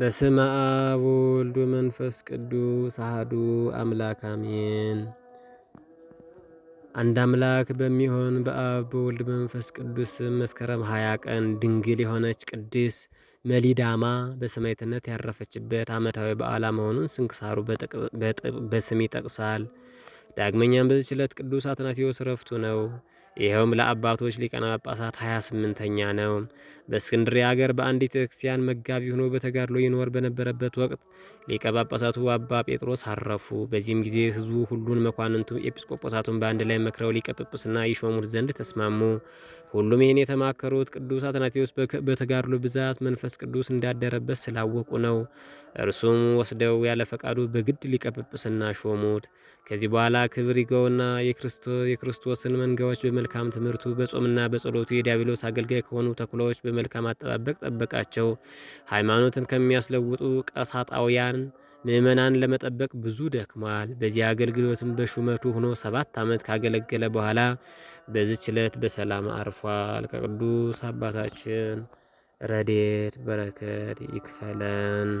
በስመ አብ ወወልድ ወመንፈስ ቅዱስ አሐዱ አምላክ አሜን። አንድ አምላክ በሚሆን በአብ በወልድ በመንፈስ ቅዱስ መስከረም ሀያ ቀን ድንግል የሆነች ቅድስ መሊዳማ በሰማዕትነት ያረፈችበት ዓመታዊ በዓላ መሆኑን ስንክሳሩ በስም ይጠቅሳል። ዳግመኛም በዚች ዕለት ቅዱስ አትናቴዎስ ዕረፍቱ ነው። ይኸውም ለአባቶች ሊቃነ ጳጳሳት 28ኛ ነው። በእስክንድርያ ሀገር በአንዲት ቤተክርስቲያን መጋቢ ሆኖ በተጋድሎ ይኖር በነበረበት ወቅት ሊቀ ጳጳሳቱ አባ ጴጥሮስ አረፉ። በዚህም ጊዜ ሕዝቡ ሁሉን መኳንንቱ ኤጲስቆጶሳቱን በአንድ ላይ መክረው ሊቀ ጵጵስና ይሾሙት ዘንድ ተስማሙ። ሁሉም ይህን የተማከሩት ቅዱስ አትናቴዎስ በተጋድሎ ብዛት መንፈስ ቅዱስ እንዳደረበት ስላወቁ ነው። እርሱም ወስደው ያለ ፈቃዱ በግድ ሊቀ ሾሙት። ከዚህ በኋላ ክብር ይገውና የክርስቶስን መንጋዎች በመልካም ትምህርቱ በጾምና በጸሎቱ የዲያብሎስ አገልጋይ ከሆኑ ተኩላዎች በመልካም አጠባበቅ ጠበቃቸው። ሃይማኖትን ከሚያስለውጡ ቀሳጣውያን ምእመናን ለመጠበቅ ብዙ ደክሟል። በዚህ አገልግሎትም በሹመቱ ሆኖ ሰባት ዓመት ካገለገለ በኋላ በዚች ዕለት በሰላም አርፏል። ከቅዱስ አባታችን ረዴት በረከት ይክፈለን።